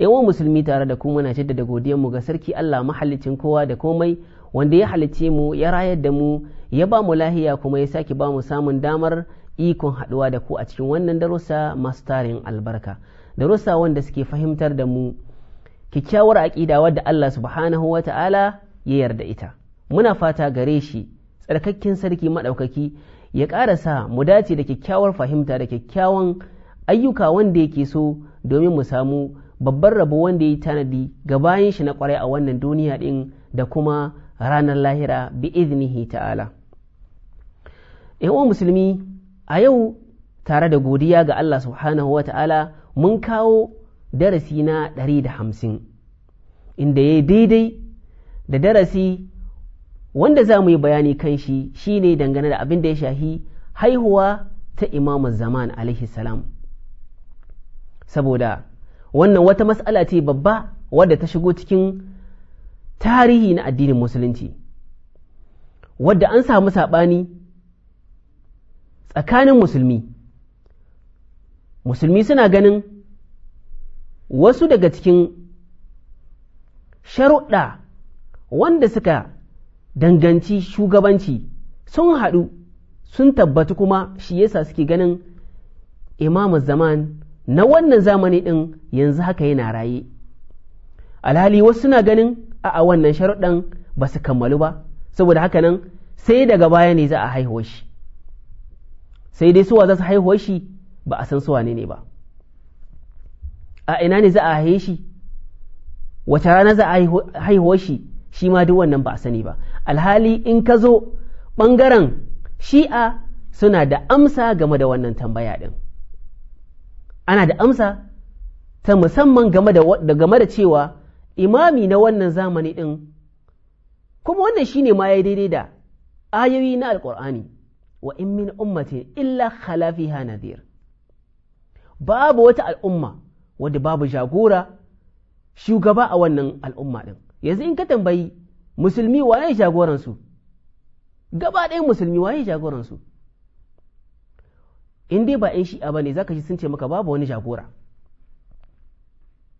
yawan musulmi tare da ku muna jaddada mu ga sarki Allah mahallicin kowa da komai wanda ya halicce mu ya rayar da mu ya ba mu lahiya kuma ya sake ba mu samun damar ikon haɗuwa da ku a cikin wannan darussa masu tarin albarka darussa wanda suke fahimtar da mu kyakkyawar aƙida wadda Allah subhanahu wa ta'ala ya yarda ita muna fata gare shi tsarkakken sarki maɗaukaki ya ƙarasa mu dace da kyakkyawar fahimta da kyakkyawan ayyuka wanda yake so domin mu samu babban rabo wanda ya yi tanadi ga bayan shi na kwarai a wannan duniya ɗin da kuma ranar lahira bi iznihi ta'ala uwan musulmi a yau tare da godiya ga Allah subhanahu wa ta'ala mun kawo darasi na ɗari da hamsin inda ya yi daidai da darasi wanda za mu yi bayani kan shi shine dangane da abin da ya shahi haihuwa ta imamar zaman alaihi salam saboda wannan wata mas'ala ce babba wadda ta shigo cikin tarihi na addinin musulunci wadda an samu saɓani tsakanin musulmi musulmi suna ganin wasu daga cikin sharuɗa wanda suka danganci shugabanci sun haɗu sun tabbatu kuma shi yasa suke ganin imamu zaman na wannan zamani ɗin yanzu haka yana raye alhali wasu na ganin a wannan sharuɗan ba su kammalu ba saboda haka nan sai daga baya ne za a haihuwa shi sai dai suwa za su haihuwa shi ba a san suwa ne ne ba a ina ne za a haihe shi wace rana za a haihuwa shi shi ma duk wannan ba a sani ba alhali in ka zo ɓangaren shi'a suna da amsa game da wannan tambaya ɗin. ana da amsa ta musamman game da game da cewa imami na wannan zamani ɗin kuma wannan shine ma ya daidai da ayoyi na alƙur'ani wa in min ummatin illa khalafi fiha babu wata al'umma wadda babu jagora shugaba a wannan al'umma ɗin yanzu in ka tambayi musulmi waye jagoransu gaba ɗaya musulmi waye jagoransu in dai ba 'yan shi'a ba ne zaka shi sun ce maka babu wani jagora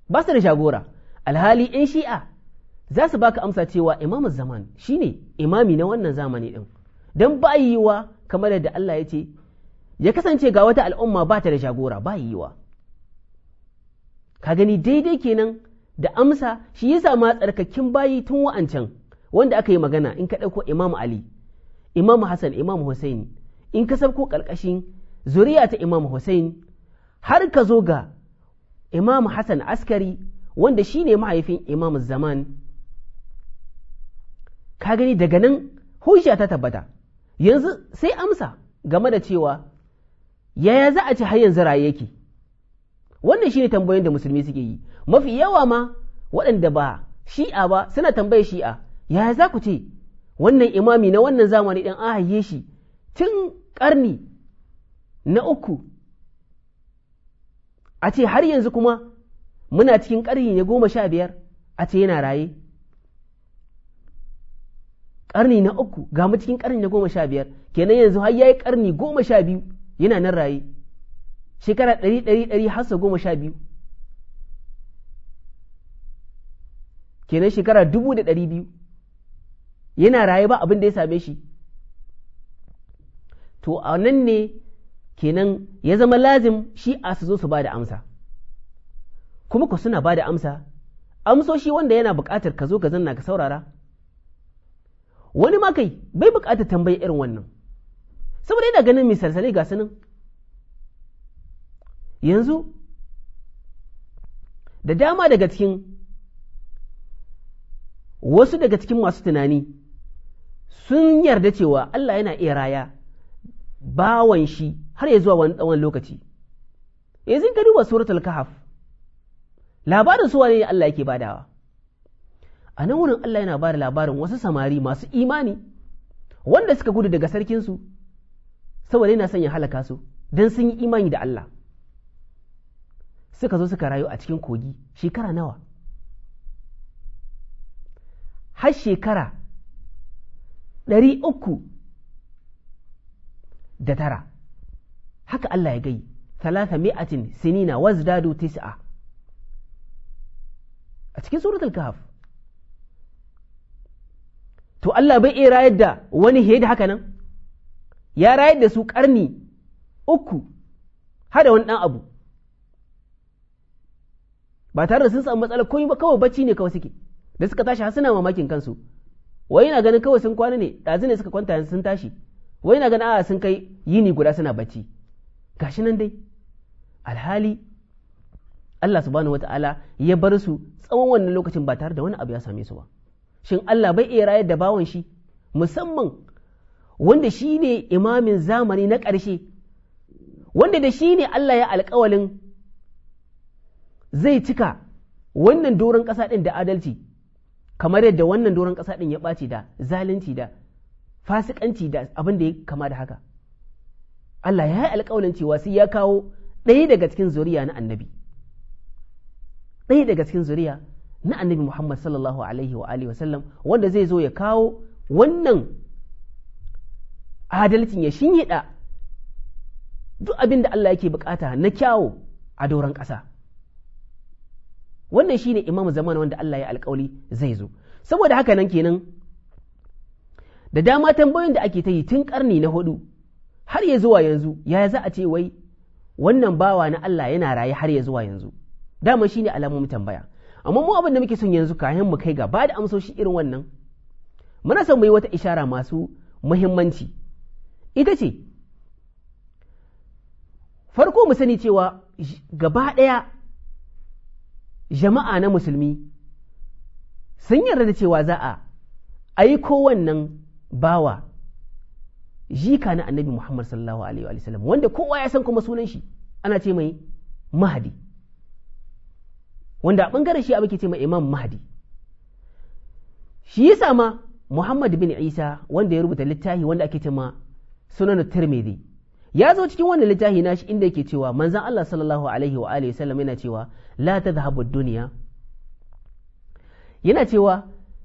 ba su da jagora alhali in shi'a za su baka amsa cewa imamu zaman shi ne imami na wannan zamani din don ba yiwa kamar yadda Allah ya ce ya kasance ga wata al'umma ba ta da jagora ba yiwa ka gani daidai kenan da amsa shi yasa ma tsarkakin bayi tun wa'ancan wanda aka yi magana in ka ɗauko imamu ali imamu hassan imamu husaini in ka sabko ƙarƙashin zuriya ta Imam Hussein har ka zo ga Imam Hassan Askari wanda shi ne mahaifin Imam Zaman ka gani daga nan hujja ta tabbata yanzu sai amsa game da cewa yaya za a ci har yanzu raye yake wannan shine tambayoyin da musulmi suke yi mafi yawa ma waɗanda ba shi'a ba suna tambaye shi'a yaya za ku ce wannan imami na wannan zamani an ahaye shi tun ƙarni na uku a ce har yanzu kuma muna cikin ƙarni na goma sha biyar a ce yana raye ƙarni na uku ga mu cikin ƙarni na goma sha biyar kenan yanzu har ya yi ƙarni goma sha biyu yana nan raye shekara ɗari ɗari ɗari har sau goma sha biyu kenan shekara dubu da ɗari biyu yana raye ba abin da ya same shi to a nan ne kenan ya zama lazim shi a su zo su ba da amsa kuma ku suna ba da amsa amsoshi wanda yana buƙatar ka zo ka zanna ka saurara wani ma kai bai buƙatar tambayi irin wannan saboda yana ganin mai misalsalai ga sanin yanzu da dama daga cikin wasu daga cikin masu tunani sun yarda cewa Allah yana iya raya bawan shi har ya zuwa wani tsawon lokaci yanzu ka duba suratul kahf labarin su wane Allah yake badawa a nan wurin Allah yana bada labarin wasu samari masu imani wanda suka gudu daga sarkinsu saboda yana son ya halaka su Dan sun yi imani da Allah suka zo suka rayu a cikin kogi shekara nawa har shekara ɗari uku da tara haka Allah ya gai talata mi'atin sinina wazdadu tis'a a cikin suratul kahf to Allah bai iya rayar da wani hedi haka nan ya rayar da su karni uku hada wani dan abu ba tare da sun samu matsala komai ba kawai bacci ne kawai suke da suka tashi har suna mamakin kansu wai na ganin kawai sun kwana ne ɗazu ne suka kwanta sun tashi wai na ganin a sun kai yini guda suna bacci gashi nan dai alhali Allah subhanahu wata'ala ya bar su tsawon wannan lokacin ba tare da wani abu ya same su ba shin Allah bai iya rayar da bawan shi musamman wanda shi ne imamin zamani na ƙarshe wanda da shi ne Allah ya alƙawalin zai cika wannan doron ƙasa ɗin da adalci kamar yadda wannan doron ƙasa ɗin ya ɓaci da zalunci da fasikanci da abin da ya kama da haka Allah ya yi alƙawalin cewa sai ya kawo ɗaya daga cikin zuriya na annabi ɗaya daga cikin zuriya na annabi Muhammad sallallahu alaihi wa alihi wasallam wanda zai zo ya kawo wannan adalcin ya shinyiɗa duk abin da Allah yake bukata na kyawo a doron ƙasa wannan shine imam zaman wanda Allah ya alƙawali zai zo saboda haka nan kenan da dama tambayoyin da ake ta yi tun karni na hudu har ya zuwa yanzu ya za a ce wai wannan bawa na Allah yana raye har ya zuwa yanzu dama shi ne alamomin tambaya amma mu abin da muke son yanzu kayan mu kai ga ba da amsoshi irin wannan muna son mu yi wata ishara masu muhimmanci ita ce farko mu sani cewa gaba ɗaya jama'a na musulmi sun yarda da cewa za a aiko wannan bawa jika na annabi Muhammad sallallahu alaihi wa sallam wanda kowa ya san kuma sunan shi ana ce mai mahadi wanda a bangaren shi abin ce mai imam mahadi shi yasa ma Muhammad bin Isa wanda ya rubuta littafi wanda ake ce ma sunan Tirmidhi ya zo cikin wannan littafi nashi inda yake cewa manzon Allah sallallahu alaihi wa alihi sallam yana cewa la tadhhabu dunya yana cewa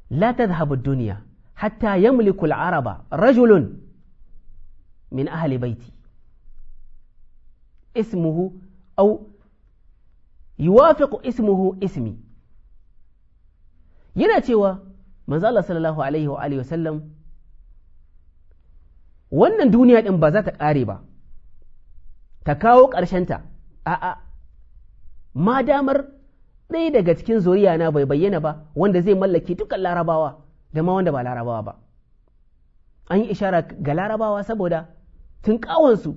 la tadhhabu dunya hatta yamliku al-araba rajulun min ahli baiti ismuhu au yuwafiqu ismuhu ismi yana cewa manzo Allah sallallahu alaihi wa alihi wannan duniya din ba za ta kare ba ta kawo ƙarshenta a'a ma damar ɗaya daga cikin zuriya na bai bayyana ba wanda zai mallaki dukkan larabawa da ma wanda ba larabawa ba an yi ishara ga larabawa saboda tun ƙawansu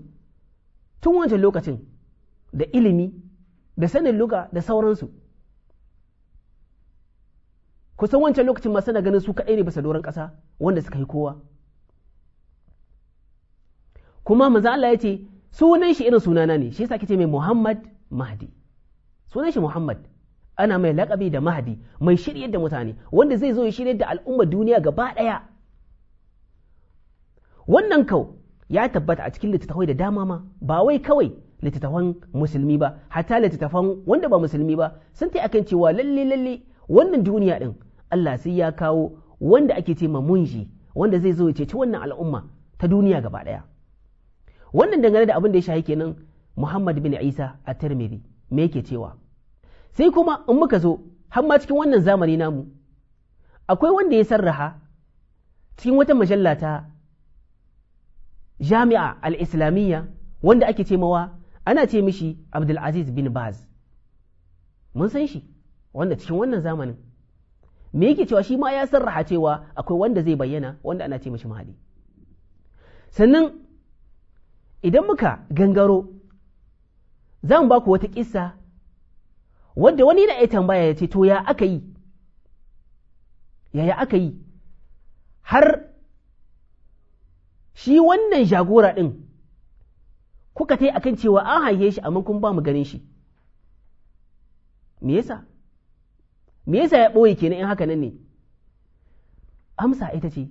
tun wancan lokacin da ilimi da sanin luga da sauransu kusan wancan lokacin masu na ganin su kaɗai ne bisa doron ƙasa wanda suka yi kowa kuma maza Allah ya ce sunan shi irin sunana ne shi yasa kace mai Muhammad Mahdi sunan shi Muhammad ana mai laƙabi da Mahdi mai shiryar da mutane wanda zai zo ya shiryar da al'ummar duniya gaba ɗaya wannan kau ya tabbata a cikin littattafai da dama ma ba wai kawai littattafan musulmi ba hatta littattafan wanda ba musulmi ba sun ta akan cewa lalle lalle wannan duniya din Allah sai ya kawo wanda ake ce ma munji wanda zai zo ya ceci wannan al'umma ta duniya gaba daya wannan dangane da abin da ya shahi kenan Muhammad bin Isa a Tirmidhi me yake cewa sai kuma in muka zo har ma cikin wannan zamani namu akwai wanda ya sarraha cikin wata majalla ta jami'a al-islamiyya wanda ake ce mawa ana ce mishi Abdulaziz bin Baz mun san shi wanda cikin wannan zamanin me yake cewa shi ma ya sarraha cewa akwai wanda zai bayyana wanda ana ce mishi mahadi sannan idan muka gangaro za mu baku wata kissa wadda wani na ya tambaya ya ce to ya aka yi yaya aka yi har shi wannan jagora ɗin kuka ta yi akan cewa an haye shi amma kun ba mu ganin shi me yasa me yasa ya ɓoye kenan in haka nan ne amsa ita ce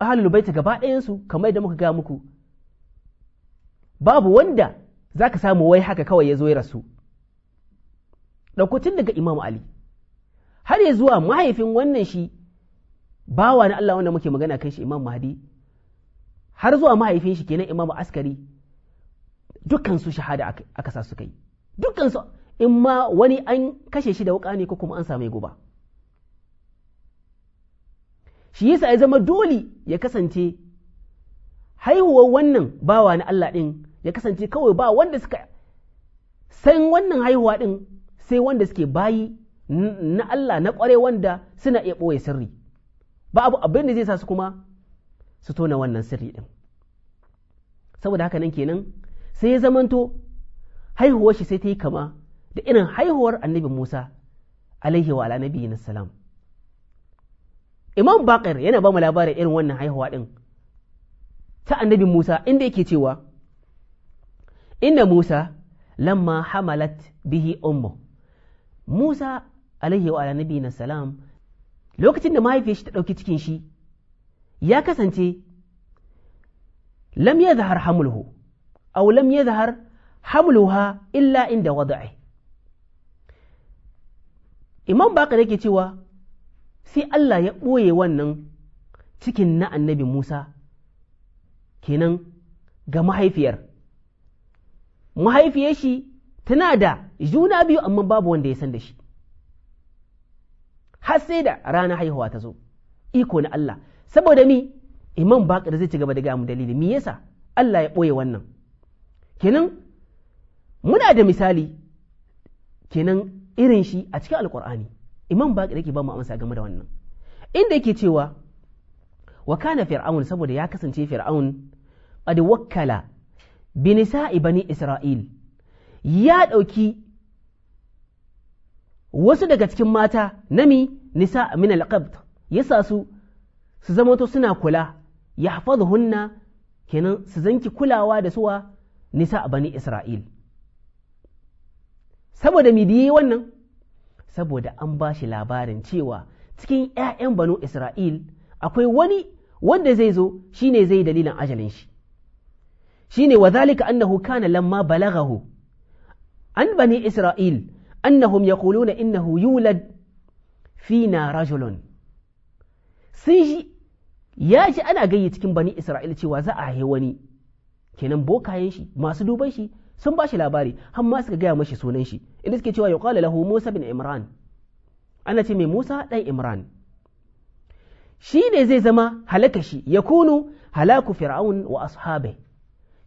ahlul baiti gaba ɗayansu kamar da muka ga muku babu wanda za ka samu wai haka kawai ya zo ya rasu ɗaukacin daga Imam ali har ya zuwa mahaifin wannan shi bawa na Allah wanda muke magana kan shi imam mahdi har zuwa mahaifin shi kenan imamu askari dukkan su shahada aka sa su kai dukkan su in ma wani an kashe shi da wuka ne ko kuma an same guba shi yasa ya zama dole ya kasance haihuwar wannan bawa na Allah ɗin ya kasance kawai ba wanda suka san wannan haihuwa ɗin sai wanda suke bayi na Allah na kware wanda suna iya ɓoye sirri ba abu abin da zai sa su kuma su tona wannan sirri ɗin saboda haka nan kenan sai ya zamanto haihuwar shi sai ta yi kama da irin haihuwar annabi Musa alaihi wa ala nabiyyi salam Imam Bakir yana ba mu labarin irin wannan haihuwa ɗin ta annabi Musa inda yake cewa inda Musa lamma hamalat bihi ummu Musa alaihi wa ala nabiyyi salam lokacin da mahaifiyar shi ta ɗauki cikin shi ya kasance lam ya zahar hamulhu aw lam ya zahar hamluha illa inda wada'i imam baka yake cewa sai Allah ya ɓoye wannan cikin na annabi Musa kenan ga mahaifiyar mahaifiyar shi tana da juna biyu amma babu wanda ya san da shi har sai da rana haihuwa ta zo iko na Allah saboda mi imam bakar zai ci gaba da gaya mu dalili me yasa Allah ya ɓoye wannan kenan muna da misali kenan irin shi a cikin alkur'ani imam bakar yake ba mu amsa game da wannan inda yake cewa wa kana fir'aun saboda ya kasance fir'aun qad wakkala bi nisa'i bani isra'il ya ɗauki wasu daga cikin mata nami nisa min al ya sa su su zamanto suna kula ya hunna kenan su zanki kulawa da suwa nisa a bani Isra'il. Saboda midiye wannan, saboda an ba shi labarin cewa cikin ‘ya'yan banu Isra'il akwai wani wanda zai zo shi ne zai dalilin ajalin shi, shi ne wa zalika annahu kana lamma balagahu, an bani Isra'il annahum ya innahu yulad fina rajulun. Sun shi ya ji ana gayyaci cikin bani isra'ila cewa za a haihu wani kenan bokayen shi masu duban shi sun bashi labari har ma suka gaya mashi sunan shi inda suke cewa yuqala lahu Musa bin Imran ana ce mai Musa dan Imran shi ne zai zama halaka shi ya kunu halaku fir'aun wa ashabe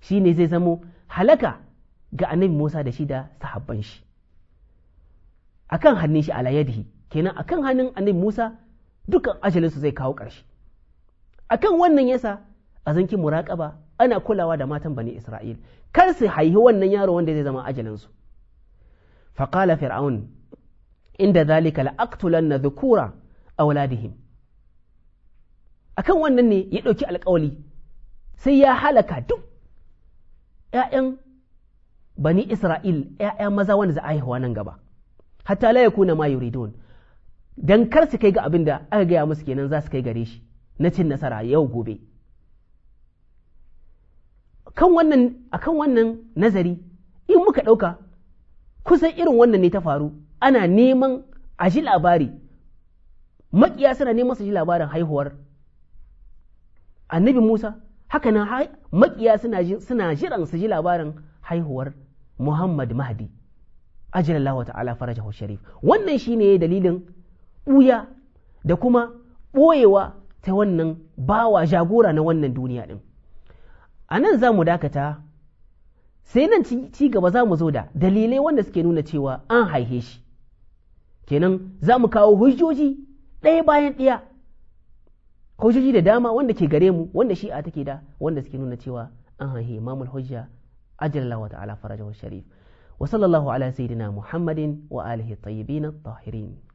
shi ne zai zama halaka ga annabi Musa da shi da sahabban shi akan hannun shi ala yadihi kenan akan hannun annabi Musa dukan ajalinsu zai kawo ƙarshe akan wannan yasa a zankin muraƙaba ana kulawa da matan bani Isra'il kar su haihi wannan yaro wanda zai zama ajalinsu faqala fir'aun inda zalika la'aqtulanna dhukura awladihim akan wannan ne ya ɗauki alƙawali sai ya halaka duk ‘ya'yan bani Isra'il ‘ya'ya maza wanda za a haihuwa nan gaba, hatta la ya kuna ma yuridun, don kar su kai ga abin da aka gaya musu kenan za su kai gare shi. na cin nasara yau gobe A kan wannan nazari in muka ɗauka kusan irin wannan ne ta faru ana neman a ji labari maƙiya suna neman su ji labarin haihuwar annabi Musa haka nan maƙiya suna jiran su ji labarin haihuwar Muhammad Mahdi ajalallahu ta'ala farajahu sharif wannan shine dalilin ɓuya da kuma ɓoyewa ta wannan bawa jagora na wannan duniya ɗin a nan za mu dakata sai nan ci gaba za mu zo da dalilai wanda suke nuna cewa an haihe shi kenan za mu kawo hujjoji ɗaya bayan ɗaya hujjoji da dama wanda ke gare mu wanda shi a take da wanda suke nuna cewa an haihe imamul hujja ajalla wa ta'ala farajawar sharif wa sallallahu ala sayyidina muhammadin wa alihi tayyibin tahirin